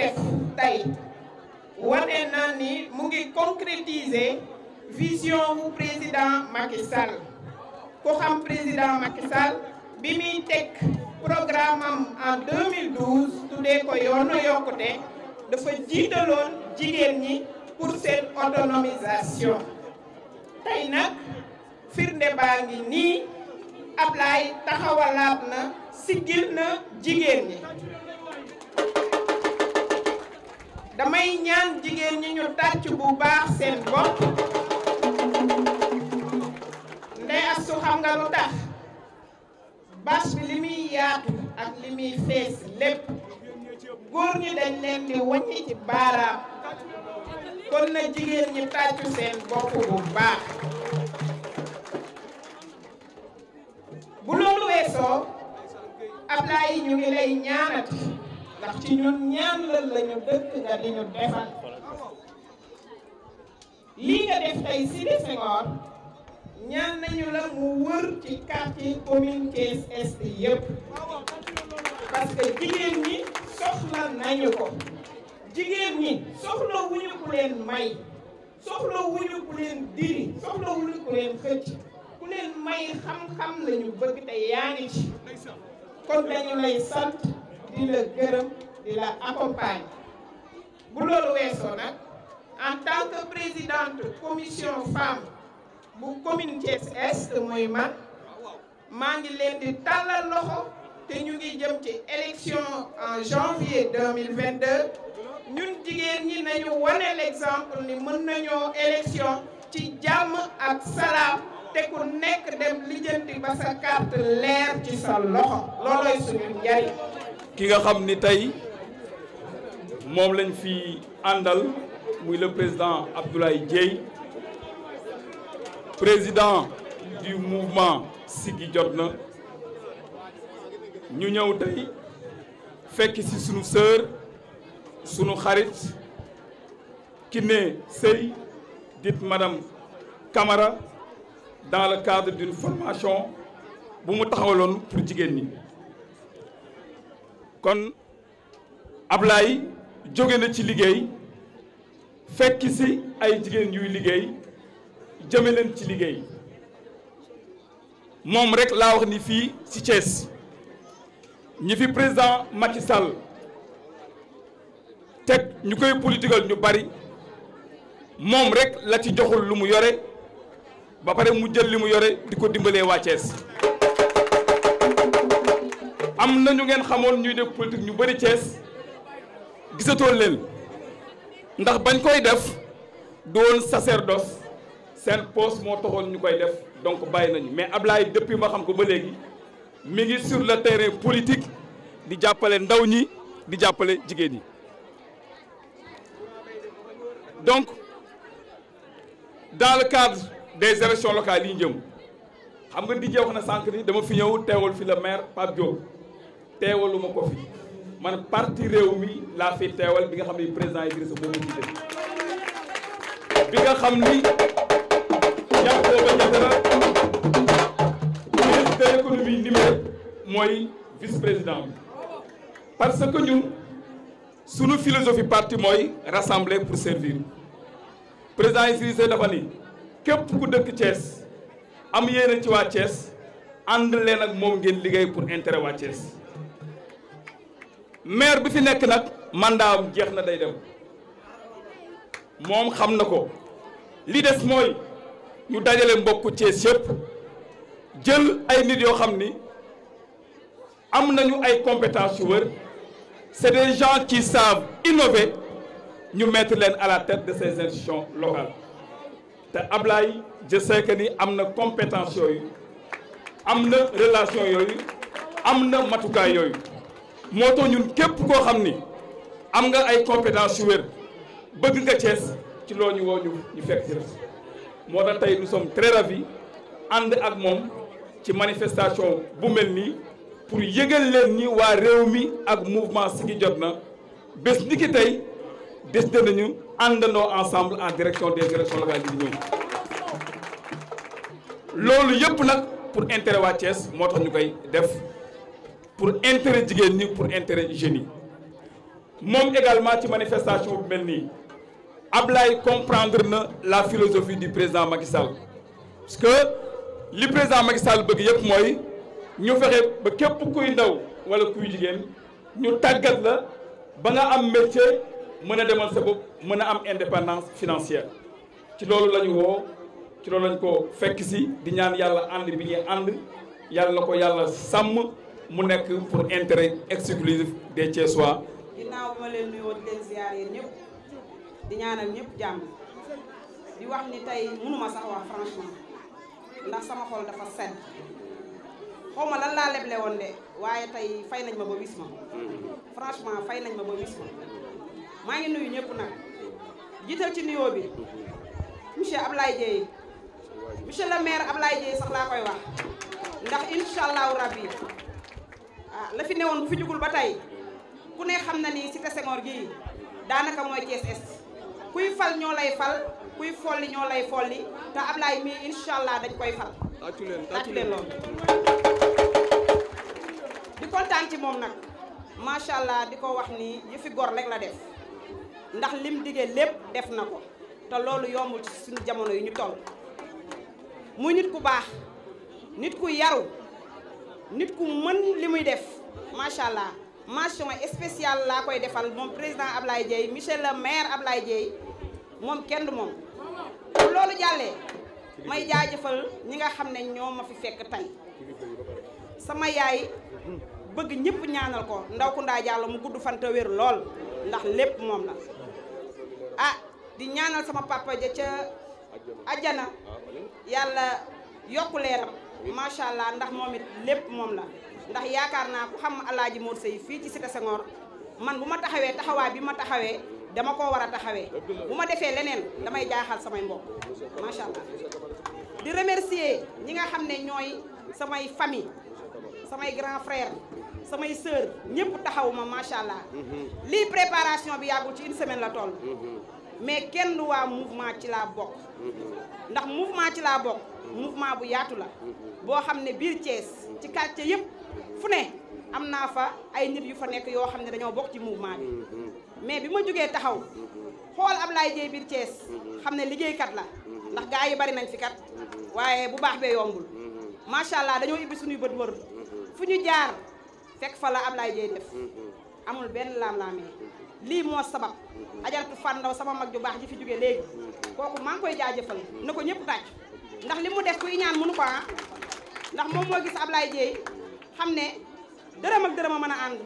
def tey wane na ni mu ngi concrétiser vision wu président Macky ku xam président Macky bi muy teg programme am en tuddee ko yoonu yokkute dafa jiitaloon jigéen ñi pour seen autonomisation tey nag firnde baa ngi nii Ablaye taxawalaat na siggil na jigéen ñi damay ñaan jigéen ñi ñu tàcc bu baax seen bopp ndey astu xam nga lu tax bâche bi li muy yaatu ak li muy fees lépp góor ñi dañ leen di wàññi ci baaraam kon na jigéen ñi tàccu seen bopp bu baax bu loolu weesoo Ablaye ñu ngi lay ñaanati ci ñun ñaan la ñu dëkk nga di defal lii nga def tey Sidi ñaan nañu la mu wër ci quartier commune Thiès Est yëpp parce jigéen ñi soxla nañu ko jigéen ñi soxla wuñu ku leen may soxla wuñu ku leen diri soxla wuñu ku leen xëcc ku leen may xam-xam lañu bëgg te yaa ngi ci kon dañu lay sant di la gërëm di la accompagne bu loolu weesoo nag en tant que présidente commission femme bu commune Thiès Est mooy man maa ngi leen di tàllal loxo te ñu ngi jëm ci élection en janvier 2022 ñun jigéen ñi nañu wane l'exemple ni mën nañoo élection ci jàmm ak salaam te ku nekk dem lijjanti ba sa carte leer ci sa loxo loolooy suñu njariñ ki nga xam ni tey moom lañ fi àndal muy le président Abdoulaye jéey président du mouvement Siggi jot na ñu ñëw tey fekk ci sunu sœur sunu xarit Kiné Sèye dit madame Camara dans le cadre d'une formation bu mu taxawloon pour jigéen ñi kon Ablaye jóge na ci liggéey fekk si ay jigéen yuy liggéey jëme leen ci liggéey moom rek laa wax ni fii ci Thiès ñi fi président Macky Sall teg ñu koy politikal ñu bari moom rek la ci joxul lu mu yore ba pare mu jël li mu yore di ko dimbalee waa Thiès am na ñu ngeen xamoon ñuy def politique ñu bari Thiès gisatoo leen ndax bañ koy def doon sacerdoce seen poste moo taxoon ñu koy def donc bàyyi nañu mais Ablaye depuis ma xam ko ba léegi mi ngi sur la terrain politique di jàppale ndaw ñi di jàppale jigéen ñi donc dans le cadre des élections locales yi njëm xam nga di wax na sànq ni dama fi ñëw teewal fi le maire Pape Diop teewalu ko fi man parti réew mi laa fi teewal bi nga xam ni président Idrissa moom la jiite bi nga xam ni Yankhoba Diattara ministre de l'économie mooy vice président bi parce que ñun sunu philosophie parti mooy rassembler pour servir président Idrissa dafa ni képp ku dëkk Thiès am yéene ci waa Thiès ànd leen ak moo ngeen liggéey pour intérêt waa Thiès maire bi fi nekk nag mandat am jeex na day dem moom xam na ko li des mooy ñu dajale mbokku Thiès yëpp jël ay nit yoo xam ni am nañu ay compétences yu wër c'est des gens qui savent innover ñu mettre leen à la tête de ces institutions locales te Ablaye je sais que ni am na compétence yooyu am na relation yooyu am na matukaay yooyu moo tax ñun képp koo xam ni am nga ay compétence yu wér bëgg nga Thiès ci loolu ñu woo ñu fekk ci moo tax tey nous sommes très ravis ànd ak moom ci manifestation bu mel nii pour yëgal leen ni waa réew mi ak mouvement jot na bés ni ki tey de nañu àndandoo ensemble en direction des élections locales yi ñëw loolu yëpp nag pour intérêt waa Thiès moo tax ñu koy def pour intérêt jigéen ñi pour intérêt jeunes yi moom également ci manifestation bu mel nii lay comprendre na la philosophie du président Macky Sall parce que li président Macky Sall bëgg yëpp mooy ñu fexe ba képp kuy ndaw wala kuy jigéen ñu tàggat la ba nga am métier mën a demal sa bopp mën a am indépendance financière ci loolu la woo ci loolu lañ ko fekk si di ñaan yàlla ànd bi ñuy ànd yàlla na ko yàlla sàmm mu nekk pour intérêt exclusif des Thiessois. ginnaaw bi ma leen nuyoo di leen ziar yéen ñëpp di ñaanal ñëpp jàmm di wax ni tey mënuma sax wax franchement ndax sama xol dafa sedd xaw ma lan laa leble woon de waaye tey fay nañ ma ba wis ma franchement fay nañ ma ba wis ma maa ngi nuyu ñëpp nag jiital ci nuyoo bi monsieur Ablaye Dieye monsieur le maire Ablaye Dieye sax laa koy wax ndax incha rabbi Ah, la fi newoon bu fi jugul ba tey ku ne xam na ni cité Senghor gii daanaka mooy Thiès Est kuy fal ñoo lay fal kuy folli ñoo lay folli te Ablaye mii incha allah dañ koy fal. tàccu leen tàccu leen loolu. di kontaan ci moom nag macha allah di ko wax ni yëfi gor rek la def ndax lim diggee lépp def na ko te loolu yombul ci suñu jamono yi ñu toll muy nit ku baax nit ku yaru. nit ku mën li muy def macha allah mention spéciale laa koy defal moom président Ablaye Dieye monsieur le maire Ablaye Dieye moom kenn du moom. loolu jàllee may jaajëfal ñi nga xam ne ñoo ma fi fekk tey sama yaay bëgg ñëpp ñaanal ko ndaw ku ndaa jàll mu gudd fan wér lool ndax lépp moom la ah di ñaanal sama papa ja ca ajjana yàlla yokku leeram macha allah ndax moom it lépp moom la ndax yaakaar naa ku xam alaaji Mor Seye fii ci Cité Senghor man bu ma taxawee taxawaay bi ma taxawee dama koo war a taxawee bu ma defee leneen damay jaaxal samay mbokk macha allah di remercier ñi nga xam ne ñooy samay famille samay grand frère samay sœur ñëpp taxawuma macha allah lii préparation bi yàggul ci une semaine la tool mm-hmm. mais kenn du waa mouvement ci laa bokk ndax mouvement ci laa bokk mouvement bu yaatu la boo xam ne biir Thiès ci quartier yëpp fu ne am naa fa ay nit yu fa nekk yoo xam ne dañoo bokk ci mouvement bi mais bi ma jugee taxaw xool Ablaye Dieye biir Thiès xam ne liggéey kat la ndax gaa yi bari nañ fi kat waaye bu baax bee yombul macha dañoo ibbi suñuy bët wër fu ñu jaar fekk fa la Ablaye Dieye def amul benn laam-laamee lii moo sabab ajaratu fàndaw sama mag ju baax ji fi jóge léegi kooku maa ngi koy jaajëfal na ko ñëpp tàcc ndax li mu def kuy ñaan mënu ko ah ndax moom moo gis Ablaye Dieye xam ne dërëm ak dërëm a mën a ànd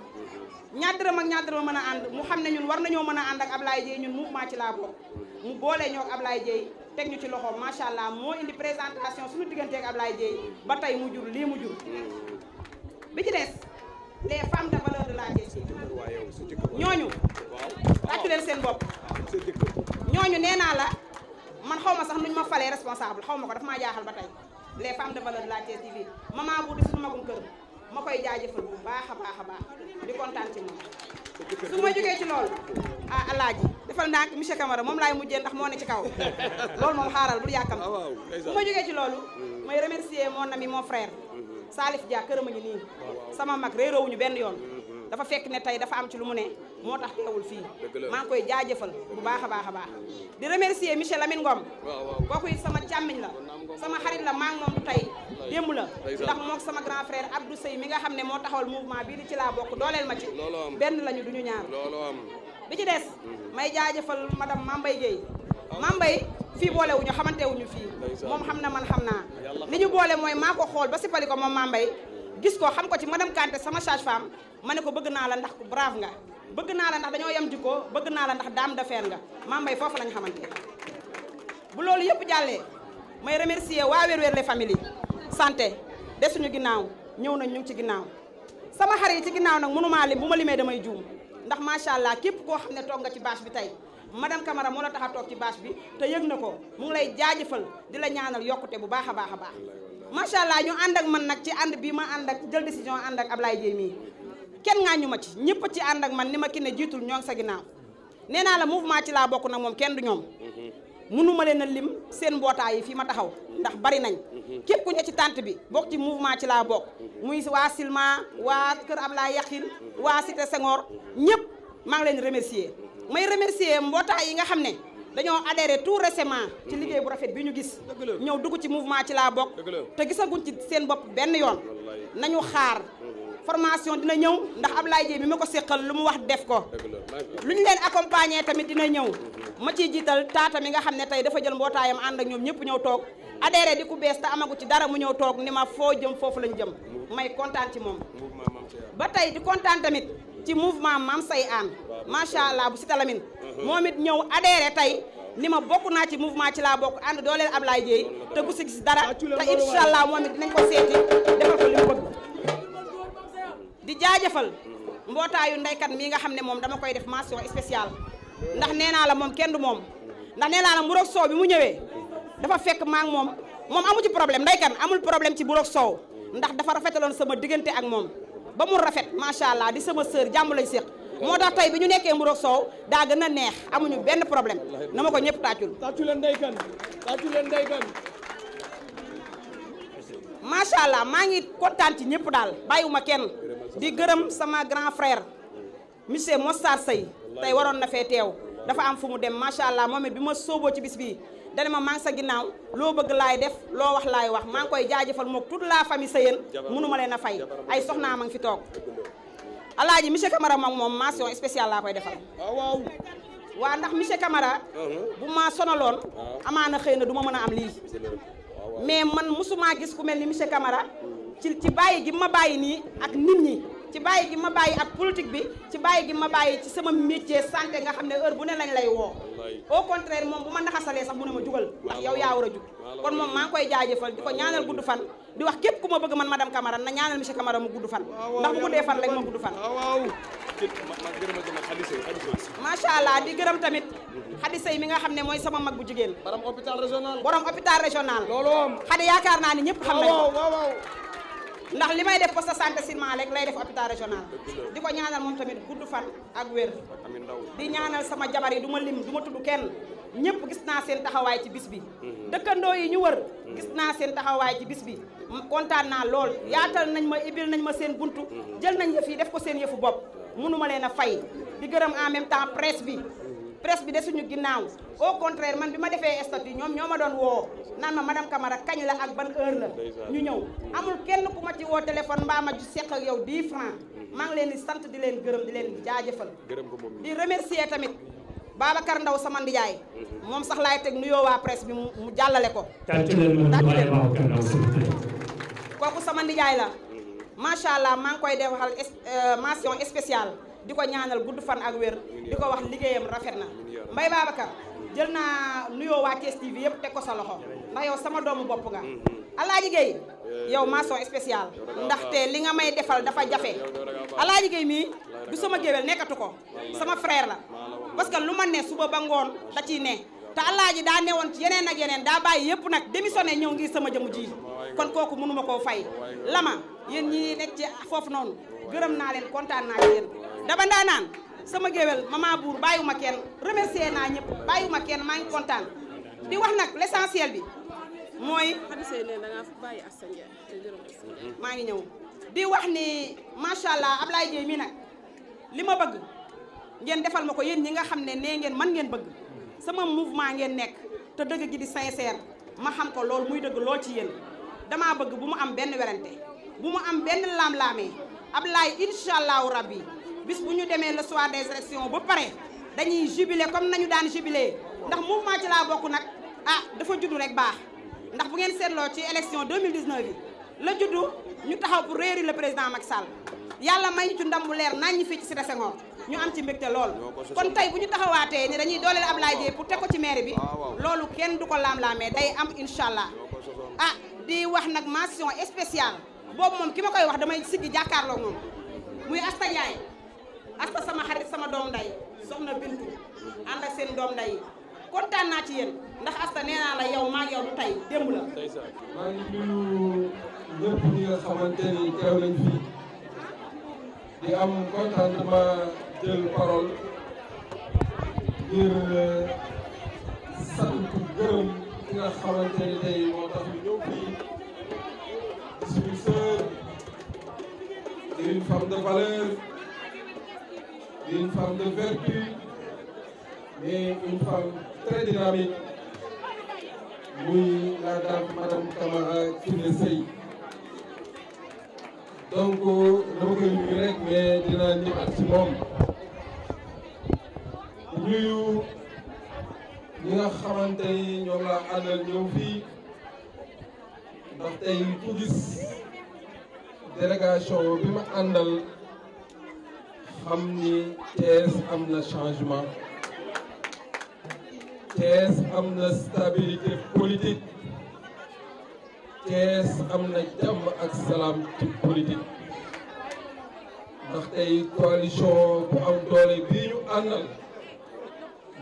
ñaar dërëm ak ñaar dërëm a mën a ànd mu xam ne ñun war nañoo mën a ànd ak Ablaye Dieye ñun maa ci laa bokk mu boole ñoo ak Ablaye Dieye teg ñu ci loxoom macha allah moo indi présentation suñu diggante ak Ablaye Dieye ba tey mu jur lii mu jur bi ci des les femmes de valeur de la Gaye ñooñu tàccu seen bopp ñooñu nee naa la man xaw sax sax ñu ma falee responsable xaw ma ko dafa maa jaaxal ba tey les femmes de valeur de la TTV maman bu di ma koy jaajëfal bu baax a baax a baax di kontaan ci moom su ma jógee ci loolu ah alaaji defal ndànk monsieur Camara moom laay mujjee ndax moo ne ci kaw loolu moom xaaral bul yàkkam ah, su ma jógee ci loolu may remercier mon ami moo frère Salif Dia këram a ñu nii ah, sama mag réeroowuñu benn yoon dafa fekk ne tey dafa am ci lu mu ne moo tax teewul fii maa ngi koy jaajëfal bu baax a baax a baax di remercier monsieur Lamine Ngom kooku it sama càmmiñ la sama xarit la maa ngi moom du tey démb la ndax mook sama grand frère Abdou Seye mi nga xam ne moo taxool taxawal maa bii di ci laa bokk dooleel ma ci benn lañu ñu ñaar bi ci des mhm. may jaajëfal madame Mambay Gueye ah. Mambay fii boolewuñu xamante wuñu fii moom xam na man xam naa li ñu boole mooy maa ko xool ba sippali ko moom Mambay gis ko xam ko ci madame Kanté sama sage-femme ma ne ko bëgg naa la ndax ku brave nga bëgg naa la ndax dañoo yem jikkoo bëgg naa la ndax dame de fer nga Mame Mbaye foofu lañ xamante bu loolu yëpp jàllee may remercier waa Weer Weer les familles santé de suñu ginnaaw ñëw nañ ñu ci ginnaaw sama xar yi ci ginnaaw nag mënumaa lim bu ma limee damay juum ndax macha allah képp koo xam ne toog nga ci bâche bi tey madame Camara moo la tax a toog ci bâche bi te yëg na ko mu ngi lay jaajëfal di la ñaanal yokkute bu baax a baax a baax macha allah ñu àndak man nag ci ànd bii ma ànd ak jël décision ànd ab Ablaye Dieye mii kenn ngaa ñu ma ci ñëpp ci ànd ak man ni ma ki ne jiitul ñoo sa ginnaaw nee naa la mouvement ci laa bokk nag moom kenn du ñoom mënuma mm-hmm. leen a lim seen mbootaay yi fii ma taxaw ndax bari nañ mm-hmm. képp ku ne ci tànt bi bokk ci mouvement ci laa bokk mm-hmm. muy waa Silma waa Kër Ablaye Yakhine waa Cité Senghor ñëpp maa ngi leen remercier may remercier mbootaay yi nga xam ne dañoo adhéré tout récemment ci liggéey bu rafet bi ñu gis ñëw dugg ci mouvement ci laa bokk te gisaguñ ci seen bopp benn yoon nañu xaar formation dina ñëw ndax Ablaye Dieye bi ma ko séqal lu mu wax def ko lu ñu leen accompagner tamit dina ñëw ma ci jiital taata mi nga xam ne tey dafa jël mbootaayam ànd ak ñoom ñëpp ñëw toog adhéré di ku bees te amagu ci dara mu ñëw toog ni ma foo jëm foofu lañ jëm may kontaan ci moom ba tey di kontaan tamit ci mouvement Maam Say Aan macha allah bu si talamin uh-huh. moom it ñëw adhéré tey ni ma bokk naa ci mouvement ci laa bokk ànd dooleel Ablaye Dieye te ku si gis dara ah, te incha allah moom it dinañ ko seeti defal ko li mu bëgg mm-hmm. di jaajëfal mbootaayu ndeykat mii nga xam ne moom dama koy def mention spéciale ndax nee naa la moom kenn moom ndax nee naa la mburoog soow bi mu ñëwee dafa fekk maa moom moom amu ci problème ndeykat amul problème ci mburoog soow ndax dafa rafetaloon sama diggante ak moom ba mu rafet macha allah di sama sœur jàmm lañ séq moo tax tey bi ñu nekkee mburoog soow daa gën a neex amuñu benn problème na ma ko ñëpp tàccul tàccu leen ndeykan tàccu leen ndeykan macha allah maa ngi kontaan ci ñëpp daal bàyyiwuma kenn di gërëm sama grand frère monsieur Mostar Seye tey waroon na fee teew dafa am fu mu dem macha allah moom it bi ma sóoboo ci bis bii dana ma maa sa ginnaaw loo bëgg laay def loo wax laay wax maa ngi koy jaajëfal mook toute la famille Seyène mënuma leen a fay ay soxnaa ma ngi fi toog ji monsieur Camara moom moom mention spéciale laa koy defal ah, waaw waa ndax monsieur Camara uh-huh. bu ma sonaloon amaana xëy na duma mën a am lii ah, mais man mosumaa gis ku mel ni monsieur kamara ci ci bàyyi gi ma bàyyi nii ak nit ñi ci bàyyi gi ma bàyyi ak politique bi ci bàyyi gi ma bàyyi ci sama métier santé nga xam ne heure bu ne lañ lay woo au contraire moom bu ma naxasalee sax mu ne ma jugal ndax yow yaa war a jug kon moom maa ngi koy di ko ñaanal gudd fan di wax képp ku ma bëgg man madame Camara na ñaanal monsieur Camara mu gudd fan ndax bu guddee fan rek ma gudd fan macha allah di gërëm tamit xadisa yi mi nga xam ne mooy sama mag bu jigéen borom hôpital régional borom hôpital régional loolu xadi yaakaar naa ni ñëpp xam nañ ko ndax li may def poste santé Silema rek lay def hôpital régional di ko ñaanal moom tamit gudd fan ak wér di ñaanal sama jabar yi du ma lim du ma tudd kenn ñëpp gis naa seen taxawaay ci bis bi dëkkandoo yi ñu wër gis naa seen taxawaay ci bis bi kontaan naa lool yaatal nañ ma ibil nañ ma seen buntu jël nañ yëf yi def ko seen yëfu bopp mënuma leen a fay di gërëm en même temps presse bi presse bi de suñu ginnaaw au contraire man bi ma defee statut ñoom ñoo ma doon woo naan ma madame kamara kañ la ak ban heure la ñu ñëw amul kenn ku ma ci woo téléphone mbaa ma ju seq ak yow 10 francs maa leen di sant di leen gërëm di leen jaajëfal di remercier tamit Babacar Ndaw sama ndijaay moom sax laay teg nuyoo waa presse bi mu jàllale ko kooku sama ndijaay la macha allah maa ngi koy defal euh, mention spéciale di ko ñaanal budd fan ak wér di ko wax liggéeyam rafet na Mbaye Babacar jël naa nuyoo waa Thiès TV yëpp teg ko sa loxo ndax yow sama doomu bopp nga Alaaji Gueye yow mention spéciale ndaxte li nga may defal dafa jafe Alaaji Gueye mii du sama nekkatu ko sama frère la parce que lu man ne suba ba ngoon da ciy ne te Alaaji daa newoon ci yeneen ak yeneen daa bàyyi yëpp nag démissionné ñëw ngir sama jëmu ji kon kooku mënuma koo fay lama yéen ñi nekk ci foofu noonu gërëm naa leen kontaan naa ci yéen daba ndaa naan sama géwél maa buur bàyyiwuma kenn remercier naa ñëpp bàyyiwuma kenn maa ngi kontaan di bi mooy xadisee ne da maa ngi ñëw di wax ni macha allah Ablaye Dieye mi nag li ma bëgg ngeen defal ma ko yéen ñi nga xam ne nee ngeen man ngeen bëgg sama mouvement ngeen nekk te dëgg gi di sincère ma xam ko lool muy dëgg lool ci yéen damaa bëgg bu mu am benn werante bu mu am benn laam-laamee Ablaye incha allahu rabbi bis bu ñu demee le soir des élections ba pare dañuy jubilé comme nañu daan jubilé ndax mouvement ci laa bokk nag ah dafa juddu rek baax ndax bu ngeen seetloo ci élection 2019 yi la juddu ñu taxaw pour réeri la président Macky Sall yàlla may ñu ci ndam bu leer nañ ñi fii ci Cité Senghor ñu am ci mbégte lool kon tey bu ñu taxawaatee ni dañuy dooleel Ablaye Dieye pour teg ko ci mairie bi ah, loolu kenn du ko laam-laamee day am incha allah ah di wax nag mention spéciale boobu moom ki ma koy wax damay siggi jàkkaarloo moom muy asta yaay asta sama xarit sama doom nday soxna bintu ànd seen doom nday kontaan naa ci ndax asta nee naa la yow maa yow du tey démb la maa ngi nuyu ñëpp ñi ni teew nañ di am contentement jël parole ngir euh, sant gërëm ki nga xamante tax ñu d'une femme de valeur, d'une femme de vertu, mais une femme très dynamique, muy la dame madame Camara Kiné Seye donc euh, dama koy nuyu rek mais dina ñëwaat ci moom nuyu ñi nga xamante ni ñoom laa àndal ñëw ku gis délégation bi ma àndal xam ni Thiès am na changement Thiès am na stabilité politique Thiès am na jàmm ak salaam ci politique ndax tey coalition bu am doole bii ñu àndal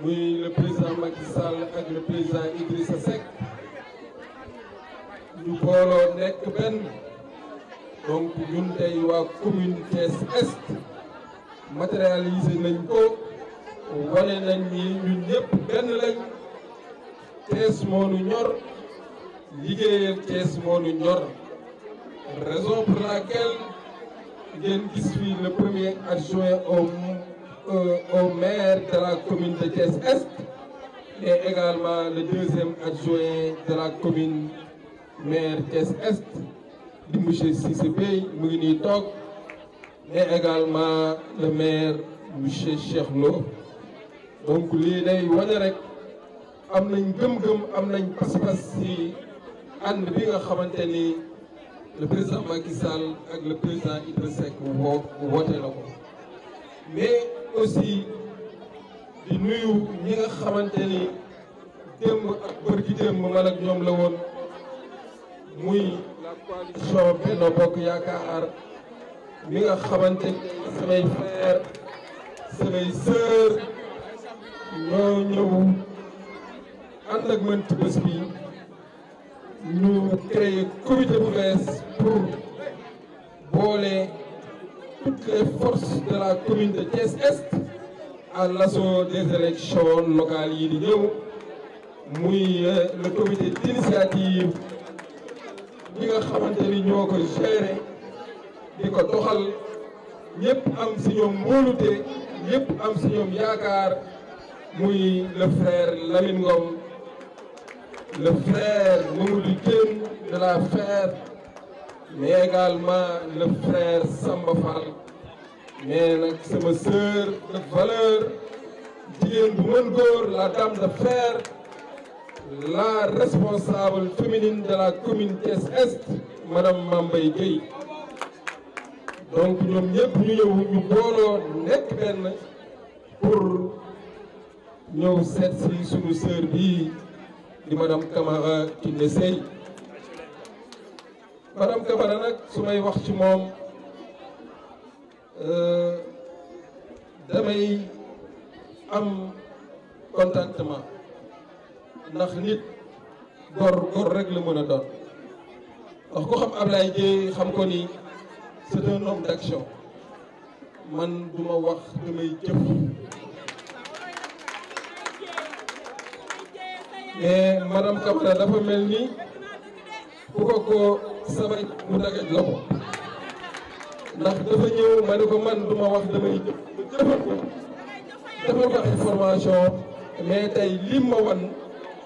muy le président Macky Sall ak le président Idrissa Seck ñu booloo nekk benn donc ñun tey waa commune Thiès Est matérialiser nañ ko wane nañ ni ñun benn lañ Thiès moo ñor liggéeyal Thiès moo ñor raison pour laquelle ngeen gis fii le premier adjoint euh, au maire de la commune de Thiès Est et également le deuxième adjoint de la commune maire Thiès Est. di monsieur Cissé Bey mu ngi nii toog et également le maire monsieur Cheikh Lo donc lii day wane rek am nañ gëm-gëm am nañ pas-pas ci ànd bi nga xamante ni le président Macky Sall ak le président Idrissa Seck woo woote la ko mais aussi di nuyu ñi nga xamante ni démb ak bërki démb man ak ñoom la woon muy coalition Benno Bokk Yaakaar mi nga xamante samay frère samay sœur ñoo ñëw ànd ak man ci bi ñu créé comité bu pour boole toutes les forces de la commune de Est à l'assaut des élections locales yi di ñëw muy euh, le comité d'initiative ñi xamante ni ñoo ko gérer di ko doxal ñëpp am si ñoom mbóolute ñëpp am si ñoom yaakaar muy le frère Lamine Ngom le frère Mamadou Diène de la FER mais également le sama sœur de jigéen bu mën góor la dame de la responsable féminine de la commune Thiès Est madame Mambay Gueye donc ñoom ñëpp ñu ñëw ñu booloo nekk benn pour ñëw seet si suñu sœur bii di madame Camara Kiné Seye madame Camara nag su may wax ci moom euh, damay am contentement ndax nit gor gor rek la mën a doon wax ko xam Ablaye Dieye man duma wax damay jëf mais madame Camara dafa mel ni bu ko ko mu dagaj la ndax dafa ñëw ma ne ko man duma wax damay jëf jëfal ko defal formation mais tey li ma wan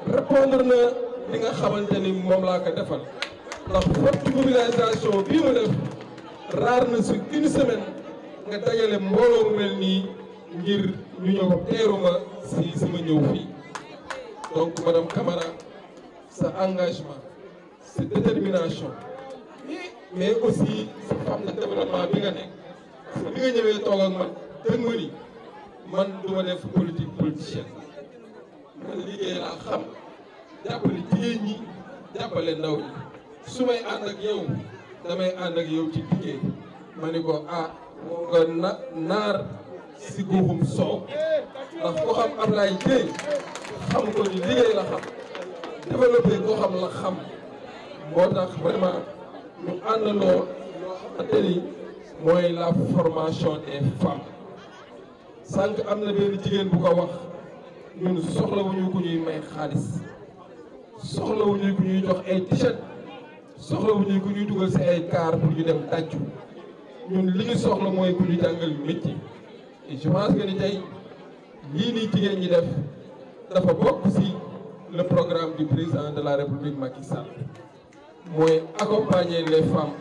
répondre na li nga xamante ni moom laa ko defal ndax forte mobilisation bii ma def raar na su une semaine nga dajale mbooloo mu mel nii ngir ñu ñëw teeru ma si sama ñëw fii donc madame Camara sa engagement sa détermination mais aussi sa femme de développement bi nga nekk parce bi nga ñëwee toog man dëgg ma man du ma def politique politicienne man liggéey laa xam jàppale jigéen ñi jàppale ndaw ñi su may ànd ak yow damay ànd ak yow ci liggéey ma ni ko ah nga na naar si guuxum soow ndax ko xam Ablaye Dieye xam ko ni liggéey la xam développé koo xam la xam moo tax vraiment ñu àndandoo loo xamante ni mooy la formation des femmes sànq am na benn jigéen bu ko wax ñun soxlawuñu ku ñuy may xaalis soxlawuñu ku ñuy jox ay t-shirt soxlawuñu ku ñuy dugal si ay car pour ñu dem tàccu ñun li ñu soxla mooy ku ñu jàngal métier et je ni tey lii nii jigéen ñi def dafa bokk si le programme du président de la république Macky mooy accompagner les femmes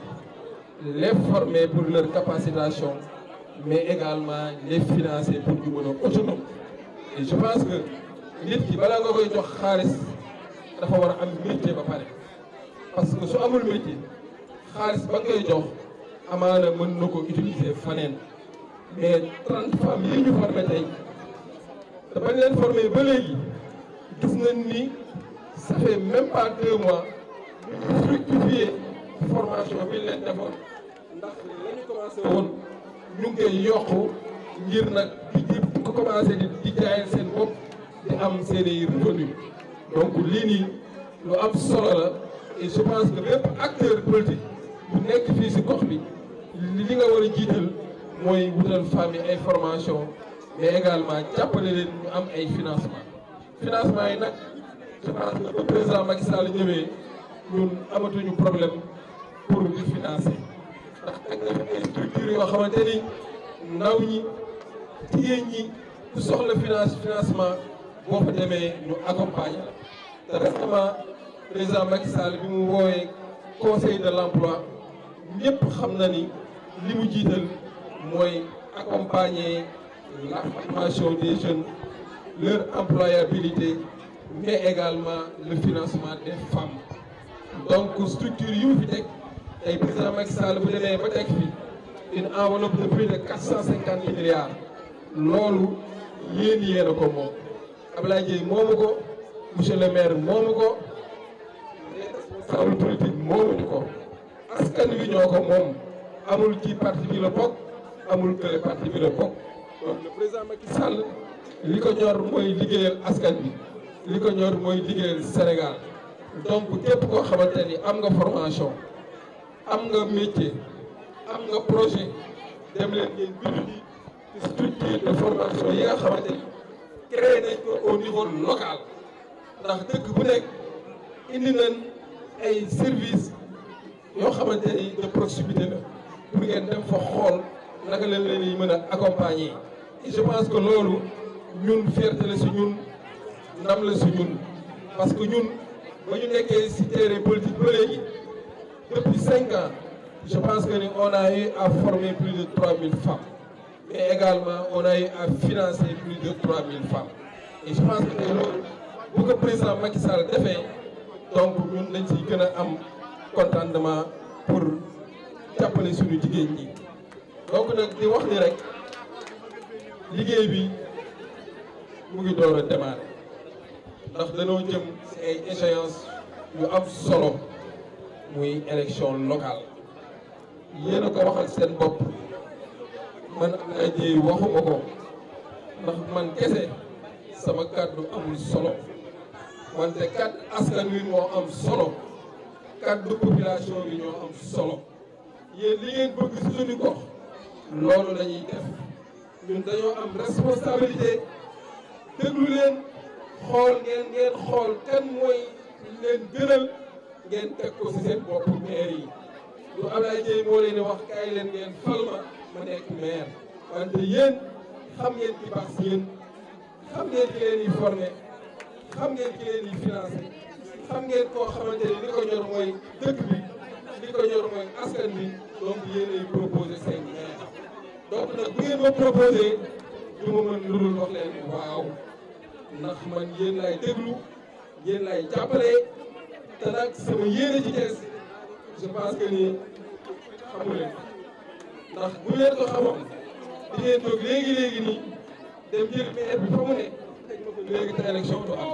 les former pour leur capacitation mais également les financer pour ñu mën a et je pense que nit balaa nga koy jox xaalis dafa war a am métier ba pare parce que su amul métier xaalis ba ngay jox amaana mën na ko utiliser faneen mais 30 femmes yi ñu tey te leen formé ba léegi gis nañ ni ça fait même pas deux mois fructifier formation bi leen defoon ndax la ñu commencé woon ñu ngi koy yokk ngir commencé di di jaayal seen bopp di am seen i revenu donc lii nii lu am solo la et je pense que bépp acteur politique bu nekk fii si gox bi li nga war a jiital mooy wutal femme yi information mais également jàppale leen ñu am ay financement financement yi nag je pense que le président ñëwee ñun amatuñu problème pour di financer ndax ak na ay structures yoo xamante ni ndaw ñi jigéen ñi ku soxla finance financement boo fa demee ñu accompagner la te récemment président Macky Sall bi mu woowee conseil de l'emploi ñëpp xam na ni li mu jiital mooy accompagner la formation des jeunes leur employabilité mais également le financement des femmes donc structure yu mu fi teg tey président Macky Sall bu demee ba teg fi une enveloppe de plus de quatre cent cinquante milliards loolu yéen yéen ko moom Abdoulaye Dieye moomu ko monsieur le maire moomu ko responsable politique moomutu ko askan wi ñoo ko moom amul ci parti bi la bokk amul kële parti bi la li ko ñor mooy liggéeyal askan bi li ko ñor mooy liggéeyal Sénégal donc képp koo xamante ni am nga formation am nga métier am nga projet dem leen structure de formation yi xamante ni créé nañ ko au niveau local ndax dëkk bu nekk indi nañ ay service yoo xamante ni de proximité pour ngeen dem fa xool naka lañ leen di mën a accompagner et je pense que loolu ñun fierté la si ñun ndam la si ñun parce que ñun ba ñu nekkee si terrain politique ba depuis cinq ans je pense que ni on a eu plus de 3000 femmes mais également on a eu à financer plus de 3000 bu ko président Macky defee donc ñun dañ ciy gën a am contentement pour jàppale suñu jigéen ñi. donc nag di wax ni rek liggéey bi mu ngi door a ndax danoo jëm ci ay échéances yu am solo muy élection locale yéen a ko waxal seen bopp. man aji waxuma ko ndax man kese sama kàddu amul solo wante kàddu askan wi moo am solo kàddu population bi ñoo am solo yéen li ngeen bëgg suñu gox loolu lañuy def ñun dañoo am responsabilité déglu leen xool ngeen xool kan mooy leen gënal ngeen teg ko ci seen bopp maire yi du Abdoulaye Dieye moo leen wax kaay leen ngeen fal ma ma nekk maire wante yéen xam ngeen ki baax si yéen xam ngeen ki leen di former xam ngeen ki leen di financer xam ngeen koo xamante li ko ñor mooy dëkk bi li ko ñor mooy askan bi donc yéen ay proposer seen maire donc nag bu ngeen ma proposer du ma mën lu waaw ndax man yéen lay déglu yéen lay jàppale te sama yéene ci Thiès je ni xamu ndax bu leen ko xamoon di ngeen toog léegi léegi nii dem jël maire bi fa mu ne xëy na ko léegi te élection du am.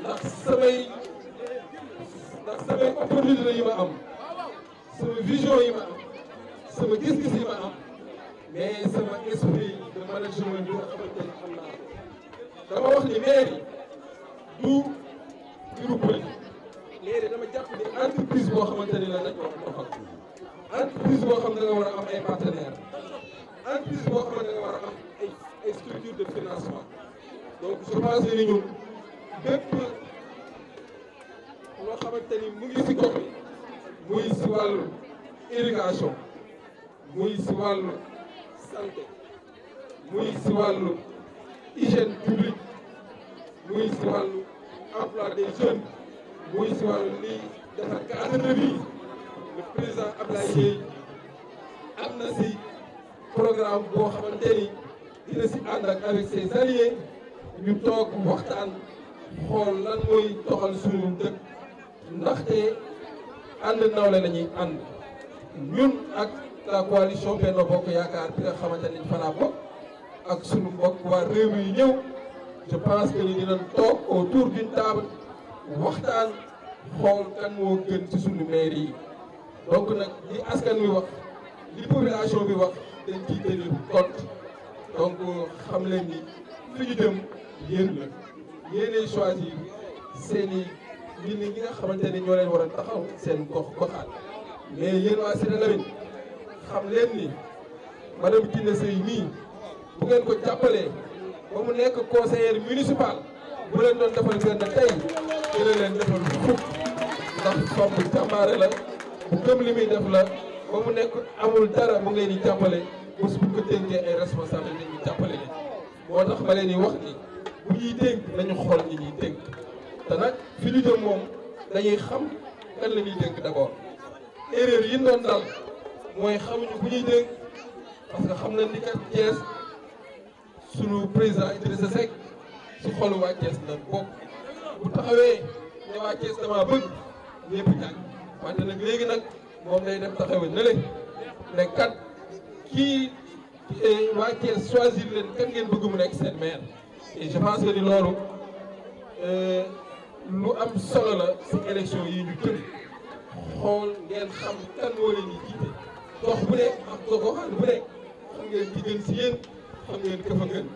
ndax samay ndax samay opportunité yi ma am sama vision yi ma am sama gis-gis yi ma am mais sama esprit de management bi nga xamante ne am naa dama wax ni maire yi du mbiru politique. ni entreprise boo xamante ni la dañ ko doxal entreprise boo xam ne da nga war a am ay partenaires entreprise boo xam ne da nga war a ay ay structures de financement donc je pense que ni ñun bépp loo xamante ni mu ngi si gox bi muy si wàllu irrigation muy si wàllu santé muy si wàllu hygiène publique muy si wàllu emploi des jeunes muy si wàllu lii dafa cadre bi le président Abdoulaye Dièye am na si programme boo xamante ni dina si ànd ak avec ses ñu toog waxtaan xool lan mooy toxal suñu dëkk ndaxte ànd nawle la ñuy ànd ñun ak la coalition Benno Bokk Yaakaar bi nga xamante ni fa laa ak suñu mbokk waa réew yi ñëw je pense que ñu dinañ toog autour d'une table waxtaan xool kan moo gën ci suñu maire yi donc nag li askan wi wax li population bi wax dañ ciy tenir compte donc xam leen ni fi yéen la yéenay choisir seen i gin ñi nga xamante ne ñoo leen war a taxaw seen gox goxaat mais yéen waa Cité Lamy xam leen ni madame Kiné Sèye nii bu ngeen ko jàppalee ba mu nekk conseillère municipal bu leen doon defal benn tey dina leen defal fukk ndax la li muy def mu nekk amul dara mu leen di jàppale bés bu ko dénkee ay moo tax ma leen di wax ni xool ñi ñuy te nag fi ñu jëm moom dañuy xam kan la ñuy dénk d'abord erreur yi doon dal mooy xamuñu bu ñuy dénk parce xam nañ ni kat sunu président Idrissa Seck si xolu waa Thiès nañ bokk bu taxawee ne waa dama bëgg ñëpp jàng wante nag léegi nag moom day dem taxawal na leen ne kat kii eh, waa Thiès choisir kan ngeen bëgg mu nekk seen maire et je pense que ni loolu eh, lu am solo la si élection yi ñu xool ngeen xam kan moo leen jiite gox bu nekk am goxaan bu nekk ngeen ci si yéen xam ngeen këfa ngeen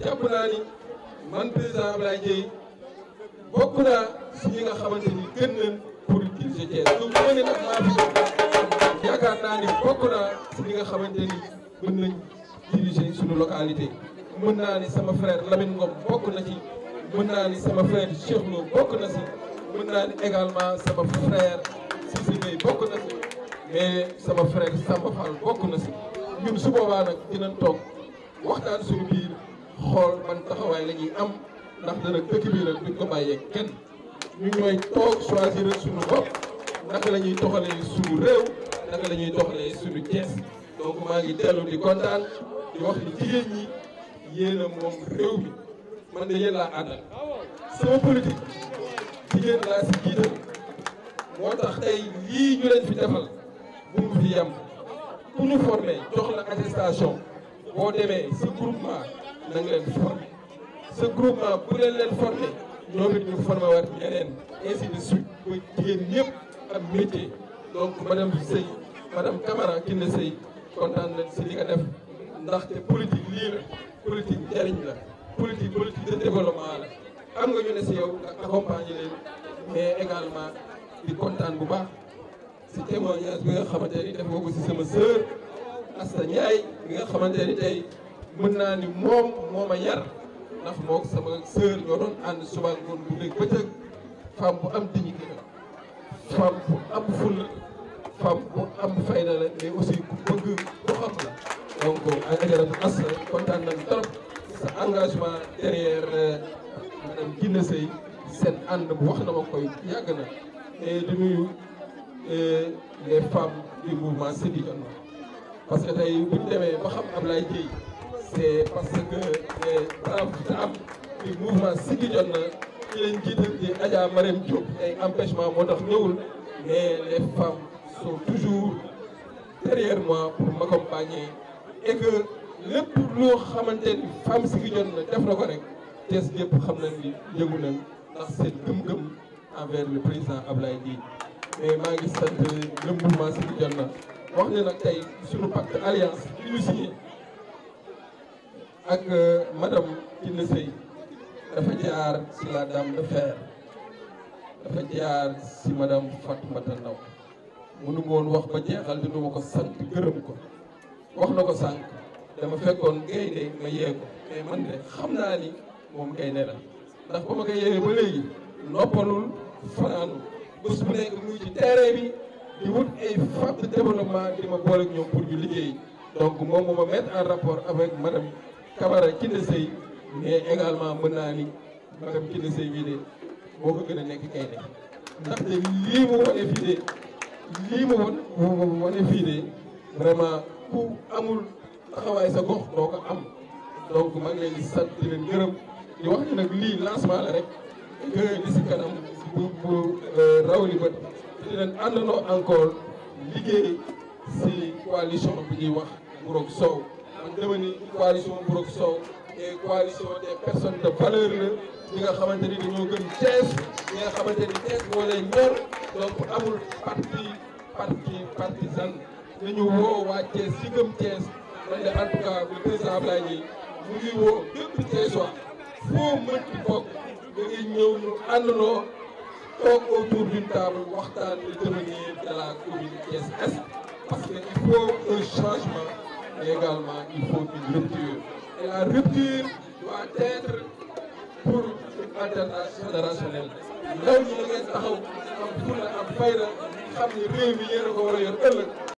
jàpp naa man président Abdoulaye Dièye bokk naa si ñi nga xamante ni gën nañ pour de Thiès donc bu ma nee yaakaar naa ni bokk naa si li nga xamante ni mën nañ diriger suñu localité. mën naa ni sama frère Lamine Ngom bokk na ci mën naa ni sama frère Cheikh bokk na si mën naa ni également bokk na mais sama frère Samba Fall bokk na si ñun su boobaa nag dinañ toog waxtaan suñu biir xool ban taxawaay la am ndax dana dëkk bi ko bàyyee kenn. ñu ñooy toog choisir a bopp naka la ñuy doxalee suñu réew naka la doxalee suñu Cees donc maa ngi dellu di kontaan di wax ni jigéen ñi yéen a moom réew mi man de yéen laa àndal sama politique jigéen laa si jiital moo tax tey lii ñu leen fi defal bu mu fi yem ku ñu jox la attestation boo demee sa groupement na leen formé sa groupement bu leen leen formé ñoom it ñu formé waat ñeneen ainsi suite ba jigéen ñëpp am métier donc madame Seye madame Camara Kiné Seye kontaan nañ si li nga def ndaxte politique lii la politique njariñ la politique politique de développement la am nga ñu ne si yow nga accompagner leen mais également di kontaan bu baax si témoignage bi nga xamante ni def nga ko si sama sœur Asta Ndiaye bi nga xamante tey mën naa ni moom moo ma yar ndax mook sama sœur ñoo doon ànd suba ngoon bu léegi bëccëg femme bu am dignité la femme bu am ful femme bu am fayda la mais aussi ku bëgg ku xam la donc ajaratu Assa kontaan nañ trop sa engagement derrière euh, madame Guinée Seye seen ànd bu wax na ma koy yàgg na et di nuyu euh, les femmes du mouvement Sidi parce que tey bu ñu ba xam Ablaye Dieye c'est parce que brave bi am ci mouvement Siggi jot na ci lañ jiital di Adja Marème Diop empêchement moo tax ñëwul mais les femmes sont toujours derrière pour m'accompagner et que lépp loo xamante ni femme Siggi jot na def na ko rek tees xam nañ ni yëngu nañ ndax seen gëm envers le président Ablaye Dièye mais maa ngi sant le mouvement Siggi jot na wax ne nag tey suñu pacte alliance bi ñu signé ak euh, madame Tine Seye dafa jaar ci la dame de dafa jaar ci madame Fatoumata Ndaw mënu ma woon wax ba jeexal te du ma ko sant gërëm ko wax na ko sànq dama fekkoon gaynde ma yee ko mais man de xam naa ni moom gaynde la ndax ba ma ko yeewee ba léegi noppalul fanaanul bés bu nekk muy ci terrain bi di wut ay femmes de développement di ma boole ak ñoom pour ñu liggéey donc moom moo ma mettre en rapport avec madame a Kiné Sèye mais également mën naa ni madame Kiné Sèye bii de boo ko a nekk kay nekk ndaxte lii mu wane fii de lii mu wane fii de vraiment ku amul taxawaay sa gox doo ko am donc maa ngi leen di sant di di wax ni nag lii lancement la rek que li si kanam bu bu euh, raw li bët di leen àndandoo encore liggéey si coalition bi ñuy wax Mburok Sow devenir coalition Mburok Sow et coalition des personnes de valeur la ñi nga xamante ni dañoo gëm Thiès ñi nga xamante ni Thiès moo lay ñor donc amul parti parti dañu woo waa Thiès si gëm Thiès man de en tout cas mu ngi woo bépp Thiès foo mënti bokk da ngay ñëw ñu àndandoo toog autour d'une waxtaan le devenir de la commune Thiès-Est parce que il faut changement mais également il faut une rupture. Et la rupture doit être pour une alternance générationnelle ndaw ñi ngeen taxaw am pour la am fayda xam ni réew mi yéen a ko war a yor